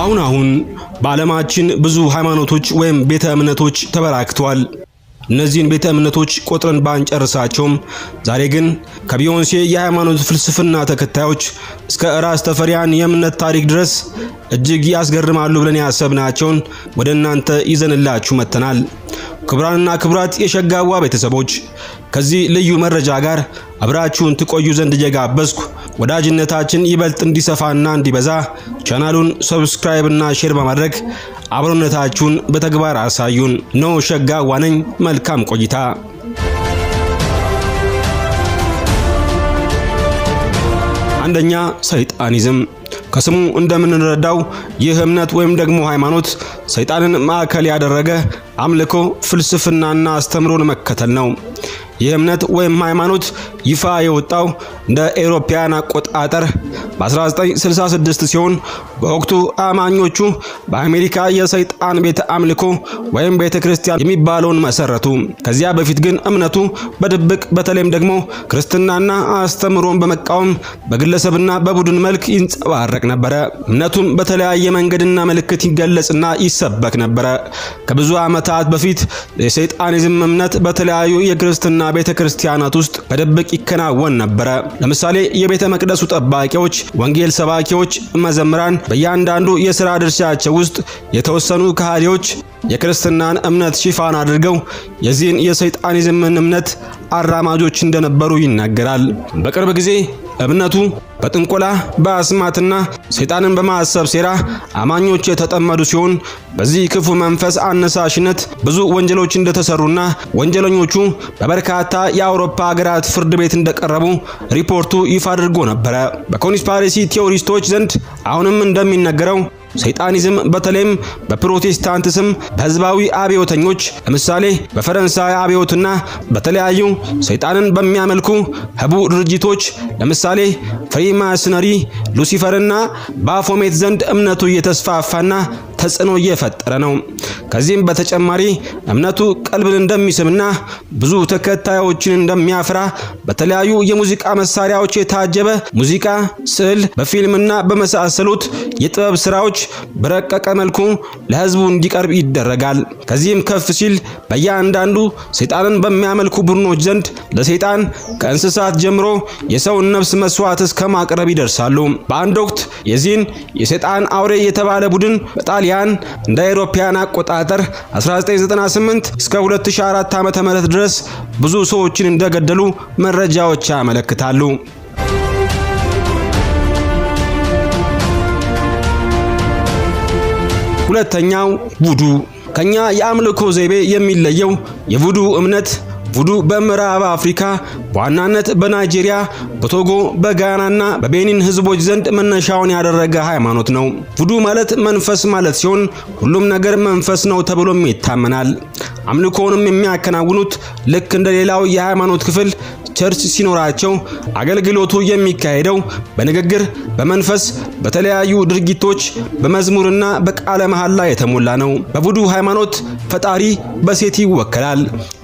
አሁን አሁን በዓለማችን ብዙ ሃይማኖቶች ወይም ቤተ እምነቶች ተበራክተዋል። እነዚህን ቤተ እምነቶች ቆጥረን ባንጨርሳቸውም ዛሬ ግን ከቢዮንሴ የሃይማኖት ፍልስፍና ተከታዮች እስከ ራስ ተፈሪያን የእምነት ታሪክ ድረስ እጅግ ያስገርማሉ ብለን ያሰብናቸውን ወደ እናንተ ይዘንላችሁ መጥተናል። ክቡራንና ክቡራት የሸጋዋ ቤተሰቦች ከዚህ ልዩ መረጃ ጋር አብራችሁን ትቆዩ ዘንድ እየጋበዝኩ ወዳጅነታችን ይበልጥ እንዲሰፋና እንዲበዛ ቻናሉን ሰብስክራይብ እና ሼር በማድረግ አብሮነታችሁን በተግባር አሳዩን። ኖ ሸጋ ዋነኝ። መልካም ቆይታ። አንደኛ ሰይጣኒዝም ከስሙ እንደምንረዳው ይህ እምነት ወይም ደግሞ ሃይማኖት ሰይጣንን ማዕከል ያደረገ አምልኮ ፍልስፍናና አስተምሮን መከተል ነው። ይህ እምነት ወይም ሃይማኖት ይፋ የወጣው እንደ ኤሮፓያን አቆጣጠር በ1966 ሲሆን በወቅቱ አማኞቹ በአሜሪካ የሰይጣን ቤተ አምልኮ ወይም ቤተ ክርስቲያን የሚባለውን መሰረቱ። ከዚያ በፊት ግን እምነቱ በድብቅ በተለይም ደግሞ ክርስትናና አስተምሮን በመቃወም በግለሰብና በቡድን መልክ ይንጸባረቅ ነበረ። እምነቱም በተለያየ መንገድና ምልክት ይገለጽና ይሰበክ ነበረ። ከብዙ ዓመታት በፊት የሰይጣኒዝም እምነት በተለያዩ የክርስትና ቤተ ክርስቲያናት ውስጥ በድብቅ ይከናወን ነበረ። ለምሳሌ የቤተ መቅደሱ ጠባቂዎች፣ ወንጌል ሰባኪዎች፣ መዘምራን በእያንዳንዱ የሥራ ድርሻቸው ውስጥ የተወሰኑ ከሃዲዎች የክርስትናን እምነት ሽፋን አድርገው የዚህን የሰይጣኒዝምን እምነት አራማጆች እንደነበሩ ይናገራል። በቅርብ ጊዜ እምነቱ በጥንቆላ በአስማትና ሰይጣንን በማሰብ ሴራ አማኞች የተጠመዱ ሲሆን በዚህ ክፉ መንፈስ አነሳሽነት ብዙ ወንጀሎች እንደተሰሩና ወንጀለኞቹ በበርካታ የአውሮፓ ሀገራት ፍርድ ቤት እንደቀረቡ ሪፖርቱ ይፋ አድርጎ ነበረ። በኮንስፓሬሲ ቴዎሪስቶች ዘንድ አሁንም እንደሚነገረው ሰይጣኒዝም በተለይም በፕሮቴስታንት ስም በህዝባዊ አብዮተኞች ለምሳሌ በፈረንሳይ አብዮትና በተለያዩ ሰይጣንን በሚያመልኩ ህቡ ድርጅቶች ለምሳሌ ፍሪማስነሪ፣ ሉሲፈርና በአፎሜት ዘንድ እምነቱ እየተስፋፋና ተጽዕኖ እየፈጠረ ነው። ከዚህም በተጨማሪ እምነቱ ቀልብን እንደሚስብና ብዙ ተከታዮችን እንደሚያፈራ በተለያዩ የሙዚቃ መሳሪያዎች የታጀበ ሙዚቃ፣ ስዕል፣ በፊልምና በመሳሰሉት የጥበብ ስራዎች በረቀቀ መልኩ ለህዝቡ እንዲቀርብ ይደረጋል። ከዚህም ከፍ ሲል በእያንዳንዱ ሰይጣንን በሚያመልኩ ቡድኖች ዘንድ ለሰይጣን ከእንስሳት ጀምሮ የሰውን ነፍስ መስዋዕት እስከ ማቅረብ ይደርሳሉ። በአንድ ወቅት የዚህን የሰይጣን አውሬ የተባለ ቡድን በጣል ጣሊያን እንደ አውሮፓውያን አቆጣጠር 1998 እስከ 2004 ዓ.ም ድረስ ብዙ ሰዎችን እንደገደሉ መረጃዎች ያመለክታሉ። ሁለተኛው ቡዱ ከኛ የአምልኮ ዘይቤ የሚለየው የቡዱ እምነት ቡዱ በምዕራብ አፍሪካ በዋናነት በናይጄሪያ፣ በቶጎ፣ በጋናና በቤኒን ህዝቦች ዘንድ መነሻውን ያደረገ ሃይማኖት ነው። ቡዱ ማለት መንፈስ ማለት ሲሆን ሁሉም ነገር መንፈስ ነው ተብሎም ይታመናል። አምልኮውንም የሚያከናውኑት ልክ እንደሌላው የሃይማኖት ክፍል ቸርች ሲኖራቸው አገልግሎቱ የሚካሄደው በንግግር፣ በመንፈስ፣ በተለያዩ ድርጊቶች፣ በመዝሙርና በቃለ መሐላ የተሞላ ነው። በቡዱ ሃይማኖት ፈጣሪ በሴት ይወከላል።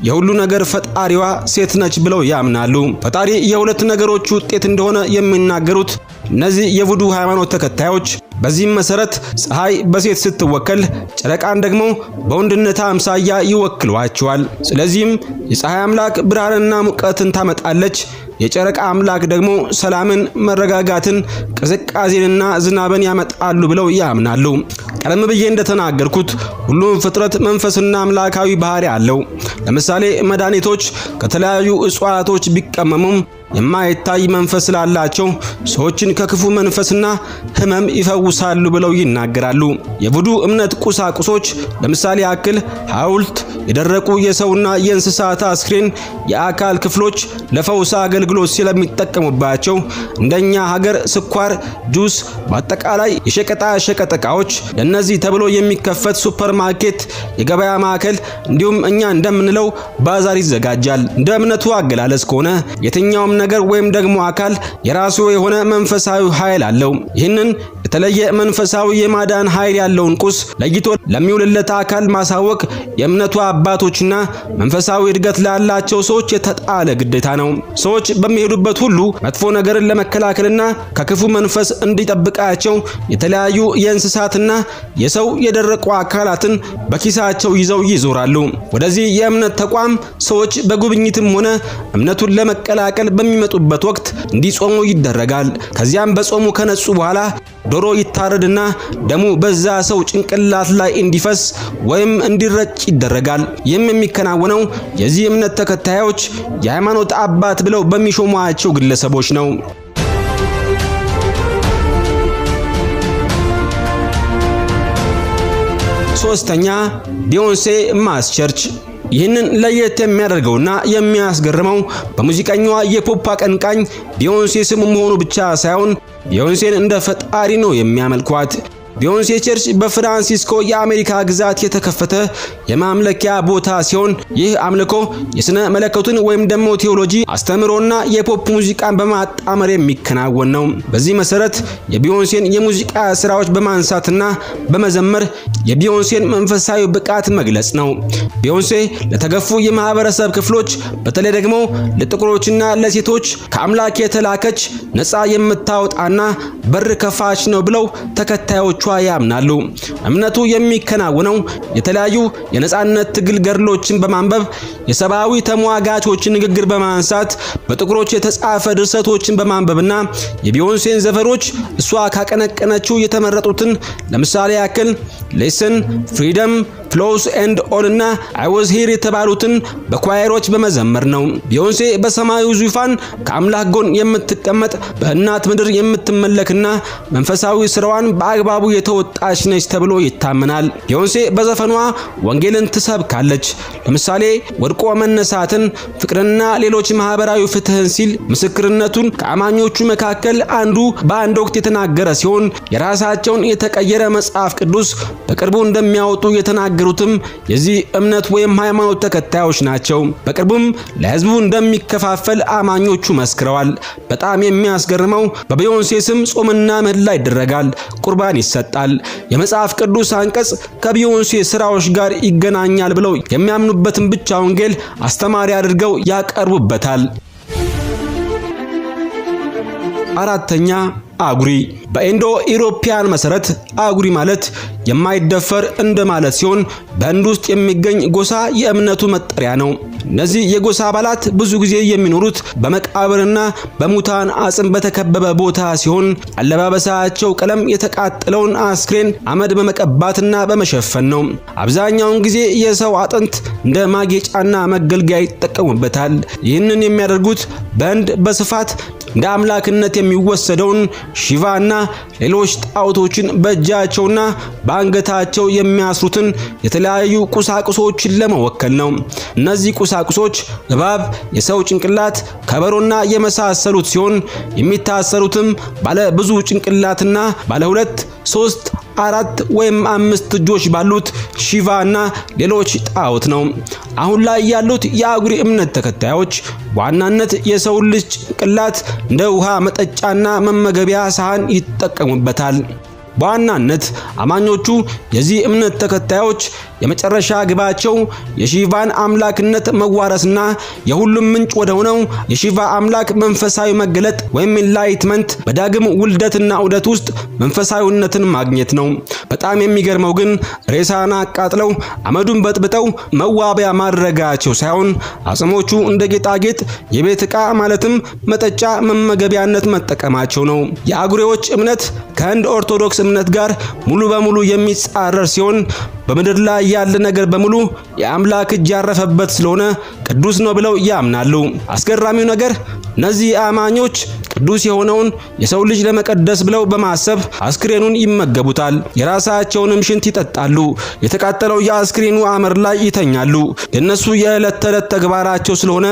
የሁሉ ነገር ፈጣሪዋ ሴት ነች ብለው ያምናሉ። ፈጣሪ የሁለት ነገሮች ውጤት እንደሆነ የሚናገሩት እነዚህ የቡዱ ሃይማኖት ተከታዮች በዚህም መሰረት ፀሐይ በሴት ስትወከል ጨረቃን ደግሞ በወንድነት አምሳያ ይወክሏቸዋል። ስለዚህም የፀሐይ አምላክ ብርሃንና ሙቀትን ታመጣለች። የጨረቃ አምላክ ደግሞ ሰላምን፣ መረጋጋትን፣ ቅዝቃዜንና ዝናብን ያመጣሉ ብለው ያምናሉ። ቀደም ብዬ እንደተናገርኩት ሁሉም ፍጥረት መንፈስና አምላካዊ ባህሪ አለው። ለምሳሌ መድኃኒቶች ከተለያዩ እጽዋቶች ቢቀመሙም የማይታይ መንፈስ ስላላቸው ሰዎችን ከክፉ መንፈስና ህመም ይፈውሳሉ ብለው ይናገራሉ። የቡዱ እምነት ቁሳቁሶች ለምሳሌ ያክል ሐውልት፣ የደረቁ የሰውና የእንስሳት አስክሬን፣ የአካል ክፍሎች ለፈውስ አገልግሎት ስለሚጠቀሙባቸው እንደኛ ሀገር ስኳር፣ ጁስ፣ በአጠቃላይ የሸቀጣ ሸቀጥ እቃዎች፣ ለእነዚህ ተብሎ የሚከፈት ሱፐርማርኬት፣ የገበያ ማዕከል እንዲሁም እኛ እንደምንለው ባዛር ይዘጋጃል። እንደ እምነቱ አገላለጽ ከሆነ የትኛውም ነገር ወይም ደግሞ አካል የራሱ የሆነ መንፈሳዊ ኃይል አለው። ይህንን የተለየ መንፈሳዊ የማዳን ኃይል ያለውን ቁስ ለይቶ ለሚውልለት አካል ማሳወቅ የእምነቱ አባቶችና መንፈሳዊ እድገት ላላቸው ሰዎች የተጣለ ግዴታ ነው። ሰዎች በሚሄዱበት ሁሉ መጥፎ ነገርን ለመከላከልና ከክፉ መንፈስ እንዲጠብቃቸው የተለያዩ የእንስሳትና የሰው የደረቁ አካላትን በኪሳቸው ይዘው ይዞራሉ። ወደዚህ የእምነት ተቋም ሰዎች በጉብኝትም ሆነ እምነቱን ለመቀላቀል በሚ በሚመጡበት ወቅት እንዲጾሙ ይደረጋል። ከዚያም በጾሙ ከነጹ በኋላ ዶሮ ይታረድና ደሙ በዛ ሰው ጭንቅላት ላይ እንዲፈስ ወይም እንዲረጭ ይደረጋል። ይህም የሚከናወነው የዚህ እምነት ተከታዮች የሃይማኖት አባት ብለው በሚሾሟቸው ግለሰቦች ነው። ሶስተኛ ቢዮንሴ ማስ ቸርች ይህንን ለየት የሚያደርገውና የሚያስገርመው በሙዚቀኛዋ የፖፕ አቀንቃኝ ቢዮንሴ ስም መሆኑ ብቻ ሳይሆን ቢዮንሴን እንደ ፈጣሪ ነው የሚያመልኳት። ቢዮንሴ ቸርች በፍራንሲስኮ የአሜሪካ ግዛት የተከፈተ የማምለኪያ ቦታ ሲሆን ይህ አምልኮ የስነ መለከቱን ወይም ደግሞ ቴዎሎጂ አስተምሮና የፖፕ ሙዚቃን በማጣመር የሚከናወን ነው። በዚህ መሰረት የቢዮንሴን የሙዚቃ ስራዎች በማንሳትና በመዘመር የቢዮንሴን መንፈሳዊ ብቃት መግለጽ ነው። ቢዮንሴ ለተገፉ የማህበረሰብ ክፍሎች በተለይ ደግሞ ለጥቁሮችና ለሴቶች ከአምላክ የተላከች ነፃ የምታወጣና በር ከፋች ነው ብለው ተከታዮች እንደሆነቿ ያምናሉ። እምነቱ የሚከናወነው የተለያዩ የነጻነት ትግል ገድሎችን በማንበብ የሰብአዊ ተሟጋቾችን ንግግር በማንሳት በጥቁሮች የተጻፈ ድርሰቶችን በማንበብና የቢዮንሴን ዘፈሮች እሷ ካቀነቀነችው የተመረጡትን ለምሳሌ ያክል ሌስን ፍሪደም ፍሎስ ኤንድ ኦል እና አይ ዋዝ ሂር የተባሉትን በኳየሮች በመዘመር ነው። ቢዮንሴ በሰማዩ ዙፋን ከአምላክ ጎን የምትቀመጥ በእናት ምድር የምትመለክና መንፈሳዊ ስራዋን በአግባቡ የተወጣች ነች ተብሎ ይታመናል። ቢዮንሴ በዘፈኗ ወንጌልን ትሰብካለች። ለምሳሌ ወድቆ መነሳትን፣ ፍቅርንና ሌሎች ማህበራዊ ፍትህን ሲል ምስክርነቱን ከአማኞቹ መካከል አንዱ በአንድ ወቅት የተናገረ ሲሆን የራሳቸውን የተቀየረ መጽሐፍ ቅዱስ በቅርቡ እንደሚያወጡ የተናገረ የተናገሩትም የዚህ እምነት ወይም ሃይማኖት ተከታዮች ናቸው። በቅርቡም ለህዝቡ እንደሚከፋፈል አማኞቹ መስክረዋል። በጣም የሚያስገርመው በቢዮንሴ ስም ጾምና ምህላ ይደረጋል፣ ቁርባን ይሰጣል። የመጽሐፍ ቅዱስ አንቀጽ ከቢዮንሴ ስራዎች ጋር ይገናኛል ብለው የሚያምኑበትን ብቻ ወንጌል አስተማሪ አድርገው ያቀርቡበታል። አራተኛ አጉሪ በኢንዶ ኢሮፒያን መሰረት አጉሪ ማለት የማይደፈር እንደማለት ሲሆን በህንድ ውስጥ የሚገኝ ጎሳ የእምነቱ መጠሪያ ነው። እነዚህ የጎሳ አባላት ብዙ ጊዜ የሚኖሩት በመቃብርና በሙታን አጽም በተከበበ ቦታ ሲሆን አለባበሳቸው ቀለም የተቃጠለውን አስክሬን አመድ በመቀባትና በመሸፈን ነው። አብዛኛውን ጊዜ የሰው አጥንት እንደ ማጌጫና መገልገያ ይጠቀሙበታል። ይህንን የሚያደርጉት በህንድ በስፋት እንደ አምላክነት የሚወሰደውን ሺቫና ሌሎች ጣዖቶችን በእጃቸውና በአንገታቸው የሚያስሩትን የተለያዩ ቁሳቁሶችን ለመወከል ነው። እነዚህ ቁሳቁሶች እባብ፣ የሰው ጭንቅላት፣ ከበሮና የመሳሰሉት ሲሆን የሚታሰሩትም ባለ ብዙ ጭንቅላትና ባለ ሁለት፣ ሶስት አራት ወይም አምስት እጆች ባሉት ሺቫ እና ሌሎች ጣዖት ነው። አሁን ላይ ያሉት የአጉሪ እምነት ተከታዮች በዋናነት የሰው ልጅ ጭንቅላት እንደ ውሃ መጠጫና መመገቢያ ሳህን ይጠቀሙበታል። በዋናነት አማኞቹ የዚህ እምነት ተከታዮች የመጨረሻ ግባቸው የሺቫን አምላክነት መዋረስና የሁሉም ምንጭ ወደ ሆነው የሺቫ አምላክ መንፈሳዊ መገለጥ ወይም ኢንላይትመንት በዳግም ውልደትና ዑደት ውስጥ መንፈሳዊነትን ማግኘት ነው። በጣም የሚገርመው ግን ሬሳን አቃጥለው አመዱን በጥብጠው መዋቢያ ማድረጋቸው ሳይሆን አጽሞቹ እንደ ጌጣጌጥ የቤት ዕቃ ማለትም መጠጫ መመገቢያነት መጠቀማቸው ነው። የአጉሬዎች እምነት ከህንድ ኦርቶዶክስ እምነት ጋር ሙሉ በሙሉ የሚጻረር ሲሆን በምድር ላይ ያለ ነገር በሙሉ የአምላክ እጅ ያረፈበት ስለሆነ ቅዱስ ነው ብለው ያምናሉ። አስገራሚው ነገር እነዚህ አማኞች ቅዱስ የሆነውን የሰው ልጅ ለመቀደስ ብለው በማሰብ አስክሬኑን ይመገቡታል። የራሳቸውንም ሽንት ይጠጣሉ። የተቃጠለው የአስክሬኑ አመር ላይ ይተኛሉ። የእነሱ የዕለት ተዕለት ተግባራቸው ስለሆነ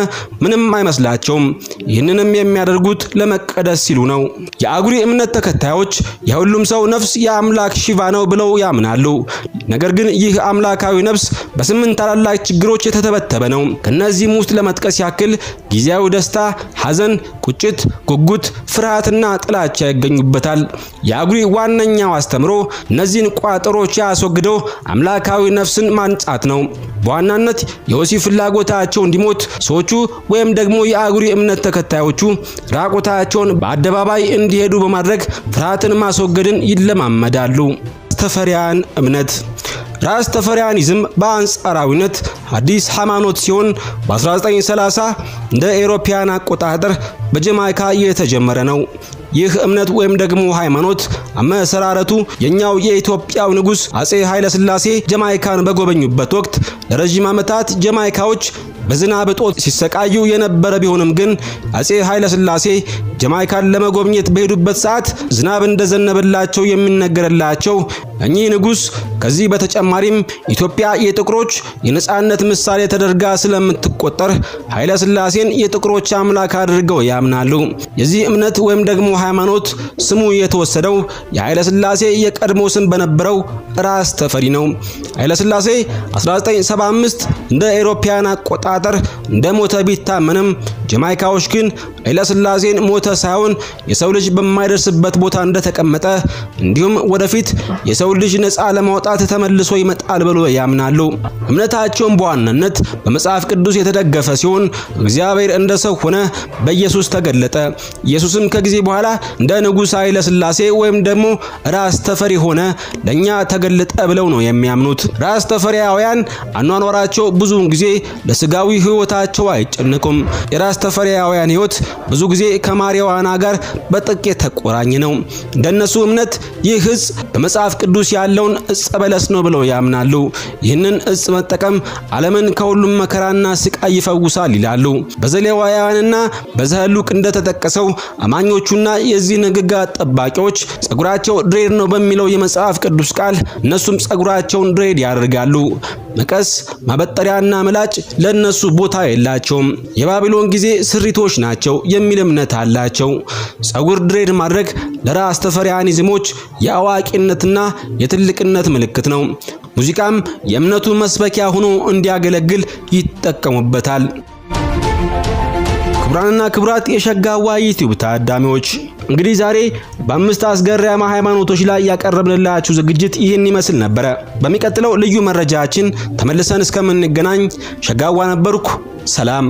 ምንም አይመስላቸውም። ይህንንም የሚያደርጉት ለመቀደስ ሲሉ ነው። የአጉሪ እምነት ተከታዮች የሁሉም ሰው ነፍስ የአምላክ ሽባ ነው ብለው ያምናሉ። ነገር ግን ይህ አምላካዊ ነፍስ በስምንት ታላላቅ ችግሮች የተተበተበ ነው። ከእነዚህም ውስጥ ለመጥቀስ ያክል ጊዜያዊ ደስታ፣ ሐዘን፣ ቁጭት፣ ጉጉት፣ ፍርሃትና ጥላቻ ይገኙበታል። የአጉሪ ዋነኛው አስተምሮ እነዚህን ቋጠሮች ያስወግደው አምላካዊ ነፍስን ማንጻት ነው። በዋናነት የወሲ ፍላጎታቸው እንዲሞት ሰዎቹ ወይም ደግሞ የአጉሪ እምነት ተከታዮቹ ራቆታቸውን በአደባባይ እንዲሄዱ በማድረግ ፍርሃትን ማስወገድን ይለማመዳሉ። ተፈሪያን እምነት ራስ ተፈሪያኒዝም በአንጻራዊነት አዲስ ሃይማኖት ሲሆን በ1930 እንደ ኤሮፓያን አቆጣጠር በጀማይካ የተጀመረ ነው። ይህ እምነት ወይም ደግሞ ሃይማኖት አመሰራረቱ የኛው የኢትዮጵያው ንጉስ አጼ ኃይለ ሥላሴ ጀማይካን በጎበኙበት ወቅት ለረዥም ዓመታት ጀማይካዎች በዝናብ እጦት ሲሰቃዩ የነበረ ቢሆንም ግን አጼ ኃይለ ሥላሴ ጀማይካን ለመጎብኘት በሄዱበት ሰዓት ዝናብ እንደዘነበላቸው የሚነገርላቸው እኚህ ንጉሥ ከዚህ በተጨማሪም ኢትዮጵያ የጥቁሮች የነጻነት ምሳሌ ተደርጋ ስለምትቆጠር ኃይለ ሥላሴን የጥቁሮች አምላክ አድርገው ያምናሉ። የዚህ እምነት ወይም ደግሞ ሃይማኖት ስሙ የተወሰደው የኃይለ ሥላሴ የቀድሞ ስም በነበረው ራስ ተፈሪ ነው። ኃይለ ሥላሴ 1975 እንደ አውሮፓውያን አቆጣጠር እንደሞተ ቢታመንም ጀማይካዎች ግን ኃይለሥላሴን ሞተ ሳይሆን የሰው ልጅ በማይደርስበት ቦታ እንደተቀመጠ እንዲሁም ወደፊት የሰው ልጅ ነፃ ለማውጣት ተመልሶ ይመጣል ብሎ ያምናሉ። እምነታቸውን በዋናነት በመጽሐፍ ቅዱስ የተደገፈ ሲሆን እግዚአብሔር እንደ ሰው ሆነ፣ በኢየሱስ ተገለጠ። ኢየሱስም ከጊዜ በኋላ እንደ ንጉሥ ኃይለሥላሴ ወይም ደግሞ ራስ ተፈሪ ሆነ፣ ለእኛ ተገለጠ ብለው ነው የሚያምኑት። ራስ ተፈሪያውያን አኗኗራቸው ብዙውን ጊዜ ለስጋዊ ሕይወታቸው አይጨነቁም። የራስ የማስተፈሪያውያን ህይወት ብዙ ጊዜ ከማሪዋና ጋር በጥቂት ተቆራኝ ነው። እንደነሱ እምነት ይህ እጽ በመጽሐፍ ቅዱስ ያለውን እጸ በለስ ነው ብለው ያምናሉ። ይህንን እጽ መጠቀም ዓለምን ከሁሉም መከራና ስቃይ ይፈውሳል ይላሉ። በዘሌዋውያንና በዘህሉቅ እንደተጠቀሰው አማኞቹና የዚህ ንግጋት ጠባቂዎች ጸጉራቸው ድሬድ ነው በሚለው የመጽሐፍ ቅዱስ ቃል እነሱም ጸጉራቸውን ድሬድ ያደርጋሉ። መቀስ፣ ማበጠሪያና ምላጭ ለእነሱ ቦታ የላቸውም። የባቢሎን ጊዜ ስሪቶች ናቸው የሚል እምነት አላቸው። ጸጉር ድሬድ ማድረግ ለራስ ተፈሪያኒዝሞች የአዋቂነትና የትልቅነት ምልክት ነው። ሙዚቃም የእምነቱ መስበኪያ ሆኖ እንዲያገለግል ይጠቀሙበታል። ክቡራንና ክቡራት የሸጋዋ ዩቲዩብ ታዳሚዎች እንግዲህ ዛሬ በአምስት አስገራሚ ሃይማኖቶች ላይ ያቀረብንላችሁ ዝግጅት ይህን ይመስል ነበረ። በሚቀጥለው ልዩ መረጃችን ተመልሰን እስከምንገናኝ ሸጋዋ ነበርኩ። ሰላም